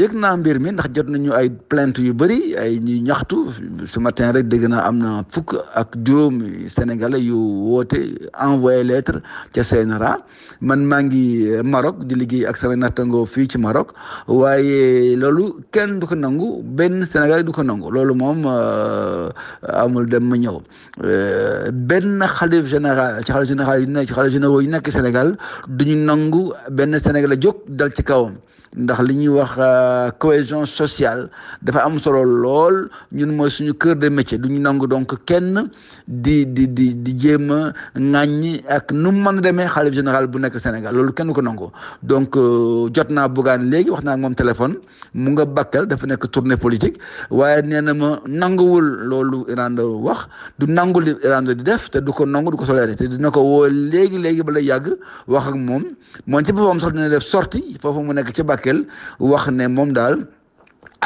yëg na mbir mi ndax jot nañu ay plainte yu bëri ay ñaxtu ce matin rek dégg naa am na fukk ak juróom sénégalais yu woote envoyé lettre ca CNRA man maa ngi euh, Maroc di liggéey ak sama nattangoo fii ci Maroc waaye loolu kenn du ko nangu benn sénégalais du ko nangu loolu moom euh, amul dem ma ñëw euh, benn xalif général ci xalif général yi nekk ci xalif généraux yi nekk Sénégal duñu nangu benn sénégalais jóg dal ci kawam ndax li ñuy wax euh, cohésion sociale dafa am solo lool ñun mooy suñu cœur de métier du ñu nangu donc kenn di di di di jéem a ŋàññi ak nu mu mën a demee xalif général bu nekk Sénégal loolu kenn ko nangu donc euh, jot naa Bougane léegi wax naa moom téléphone mu nga bakkal dafa nekk tournée politique waaye nee na ma nanguwul loolu Iran wax du nangu li Iran di def te du ko nangu du ko solee te dina ko woo léegi léegi ba lay yàgg wax ak moom ci boppam sax dina Bakel wax ne moom daal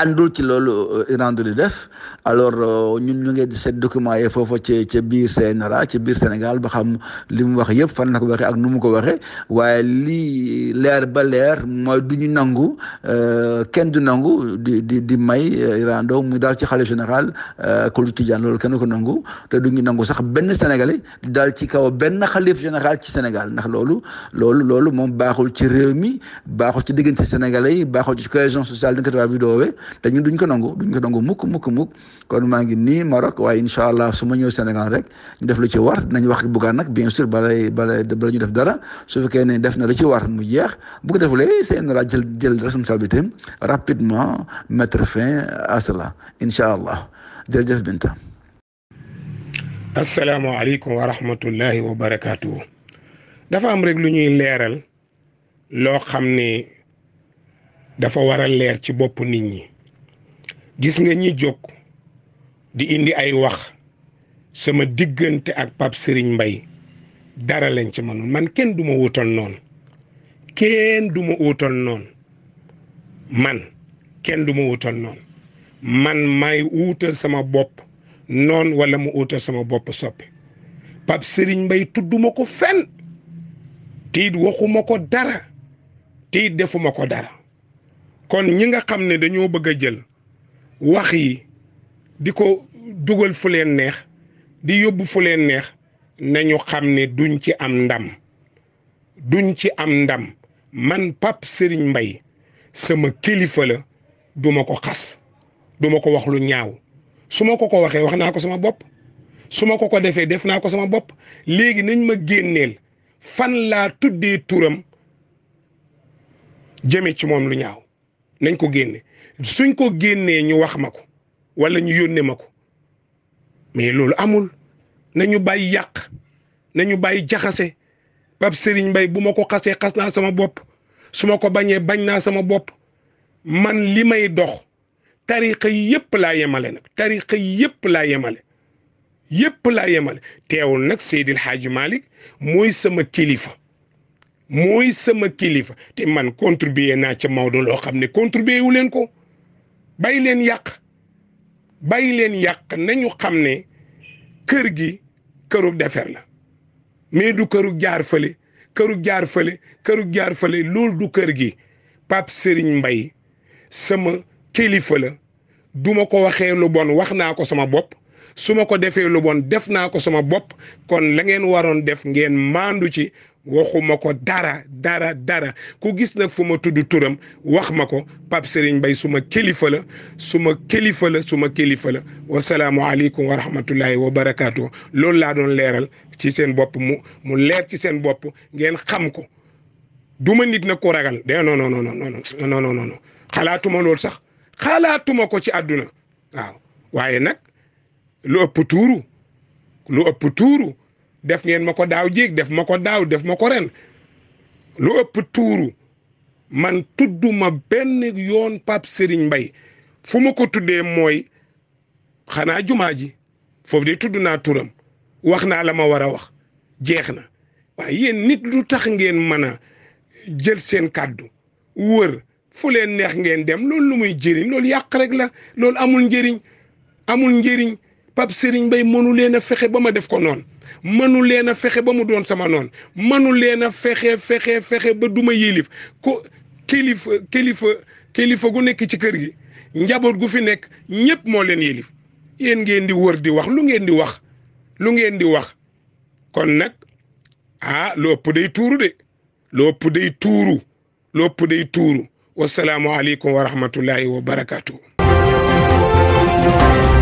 àndul ci loolu euh, Iran du def alors euh, ñun ñu di seet documents yi foofa ci ca biir CNRA ci biir Sénégal ba xam li mu wax yëpp fan la ko waxee ak nu mu ko waxee waaye lii leer ba leer mooy du ñu nangu euh, kenn du nangu di di di may Iran mu daal ci xale général Kulu Tidiane loolu kenn ko nangu te du ñu nangu sax benn Sénégalais di daal ci kaw benn xalif général ci Sénégal ndax loolu loolu loolu moom baaxul ci réew mi baaxul ci diggante Sénégalais yi baaxul ci cohésion sociale bi nga doowee te ñun duñ ko nangu duñ ko nangu mukk mukk mukk kon maa ngi nii Maroc waaye incha allah su ma ñëw Sénégal rek ñu def lu ci war dinañ wax Bougane nag bien sûr balay balay bala ñu def dara su fekkee ne def na lu ci war mu jeex bu ko defulee CNRA jël jël responsabilité rapidement mettre fin à incha allah jërëjëf Binta. asalaamaaleykum wa rahmatullahi wa barakaatu. dafa am rek lu ñuy leeral loo xam ne dafa waral a leer ci bopp nit ñi gis nga ñi jóg di indi ay wax sama diggante ak Pape sëriñ mbay dara lañ ci mënul man kenn du ma wutal noonu kenn du ma wutal noonu man kenn du ma wutal man may wuutal sama bopp noon wala mu wuutal sama bopp soppi Pape Serigne Mbaye tudduma ko fenn tiit waxuma ko dara tiit defuma ko dara kon ñi nga xam ne dañoo bëgg a jël wax yi di ko dugal fu leen neex di yóbbu fu leen neex nañu xam ne duñ ci am ndam duñ ci am ndam man Pape Serigne mbay sama kilifa la duma ko xas duma ko wax lu ñaaw su ma ko ko waxee wax naa ko sama bopp su ma ko ko defee def naa ko sama bopp léegi nañ ma génneel fan laa tuddee turam jëme ci moom lu ñaaw nañ ko génne suñ ko génnee ñu wax ma ko wala ñu yónnee ma ko mais loolu amul nañu bàyyi yàq nañu bàyyi jaxase Pape Serigne Mbaye bu ma ko xasee xas naa sama bopp su ma ko bañee bañ naa sama bopp man li may dox tariqa yëpp laa yemale nag tariqa yëpp laa yemale yëpp laa yemale teewul nag Seydil Hadji Malick mooy sama kilifa mooy sama kilifa te man contribuer naa ca Maodo loo xam ne contribuer wu leen ko bay leen yàq bay leen yàq nañu xam ne kër gi këru defer la mais du këru jaar fële këru jaar fële këru jaar fële lool du kër gi Pape Serigne mbay sama kilifa la du ma ko waxee lu bon wax naa ko sama bopp su ma ko defee lu bon def naa ko sama bopp kon la ngeen waroon def ngeen maandu ci waxuma ko dara dara dara ku gis nag fu ma tudd turam wax ma ko Pape Serigne Mbaye suma kilifa la suma kilifa la suma kilifa la wasalaamu aleykum wa rahmatullahi wa loolu laa doon leeral ci seen bopp mu mu leer ci seen bopp ngeen xam ko du ma nit na ko ragal de eh, non non non non non non non xalaatuma loolu sax xalaatuma ko ci àdduna waaw waaye nag lu ëpp tuuru lu ëpp tuuru def ngeen ma ko daaw jéeg def ma ko daaw def ma ko ren lu ëpp tuuru man ma benn yoon Pape Serigne mbay fu ma ko tuddee mooy xanaa jumaa ji foofu de tudd naa turam wax naa la ma war a wax jeex na waaye yéen nit lu tax ngeen mën a jël seen kàddu wër fu leen neex ngeen dem loolu lu muy jëriñ loolu yàq rek la loolu amul njëriñ amul njëriñ Pape Serigne bay mënu leen a fexe ba ma def ko noonu mënu fexe ba mu doon sama noon mënu leen fexe fexe fexe ba duma yilif ko kilifa kilifa kilifa gu nekk ci kër gi njaboot gu fi nekk ñépp moo leen yilif yéen ngeen di wër di wax lu ngeen di wax lu ngeen di wax kon nag ah lopp day tuuru de lopp day tuuru lopp day tuuru wasalaamualeykum wa rahmatullahi wa barakaatu.